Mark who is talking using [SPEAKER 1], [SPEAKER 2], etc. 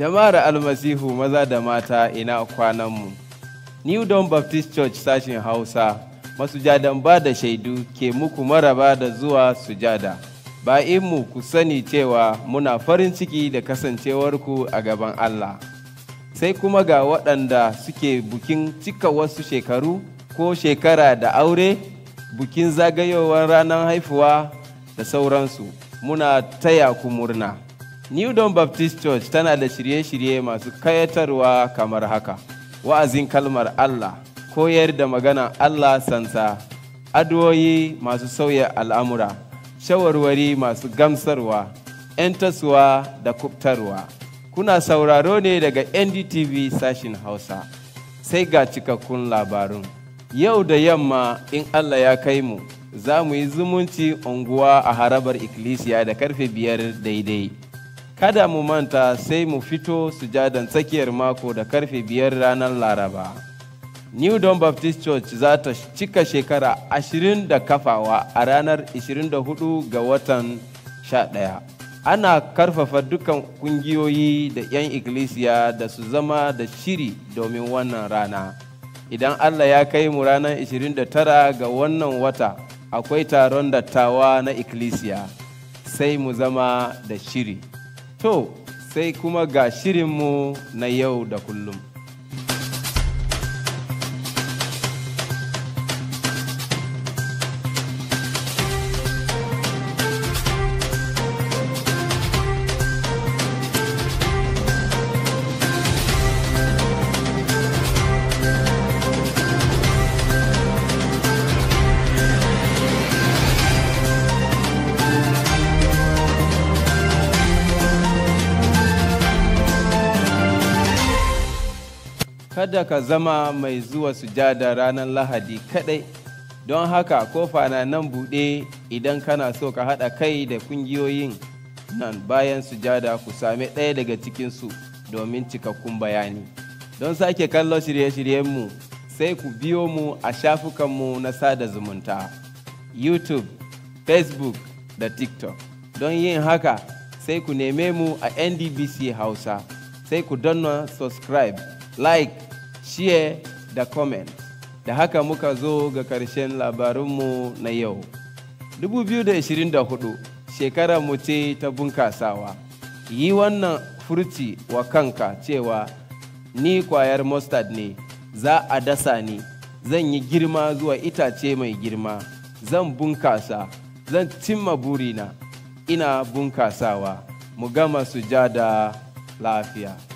[SPEAKER 1] jama'ar almasihu maza da mata ina kwananmu new don baptist church sashin hausa masujadan ba da shaidu ke muku maraba da zuwa sujada mu ku sani cewa muna farin ciki da kasancewarku a gaban allah sai kuma ga waɗanda suke bukin cika wasu shekaru ko shekara da aure bukin zagayowar ranar haifuwa da sauransu muna taya ku murna New Dawn Baptist Church tana da shirye-shirye masu kayatarwa kamar haka, wa'azin kalmar Allah, koyar da magana Allah sansa, addu'o'i masu sauya al'amura, shawarwari masu gamsarwa, ‘yantaswa da kubtarwa. Kuna sauraro ne daga NDTV sashin Hausa, sai ga cikakkun labarun. Yau da yamma in Allah ya kai mu, za mu yi zumunci unguwa a harabar ikkilisiya da karfe biyar daidai. kada mu manta sai mu fito sujadan tsakiyar mako da karfe biyar ranar laraba new don baptist church za ta cika shekara ashirin da kafawa a ranar 24 ga watan 11 ana karfafa dukkan kungiyoyi da 'yan ikkilisiya da su zama da shiri domin wannan rana idan allah ya kai mu ranar 29 ga wannan wata akwai taron dattawa na ikkilisiya sai mu zama da shiri To, sai kuma ga shirinmu na yau da kullum. kada ka zama mai zuwa sujada ranar lahadi kadai don haka kofa na nan buɗe idan kana so ka haɗa kai da kungiyoyin nan bayan sujada ku sami ɗaya daga cikinsu domin cikakkun bayani don sake kallo shirye-shiryenmu sai ku biyo mu a shafukanmu na sada zumunta youtube facebook da tiktok don yin haka sai ku neme mu a ndbc hausa sai ku donna subscribe like share da comment. Da haka muka zo ga ƙarshen labarinmu na yau. 2024 shekara mu ce ta bunkasawa. Yi wannan furci wa kanka cewa ni kwayar mustard ne, za a dasa ni, zan yi girma zuwa itace mai girma, zan bunkasa, zan cimma burina, ina bunkasawa, mu gama sujada lafiya.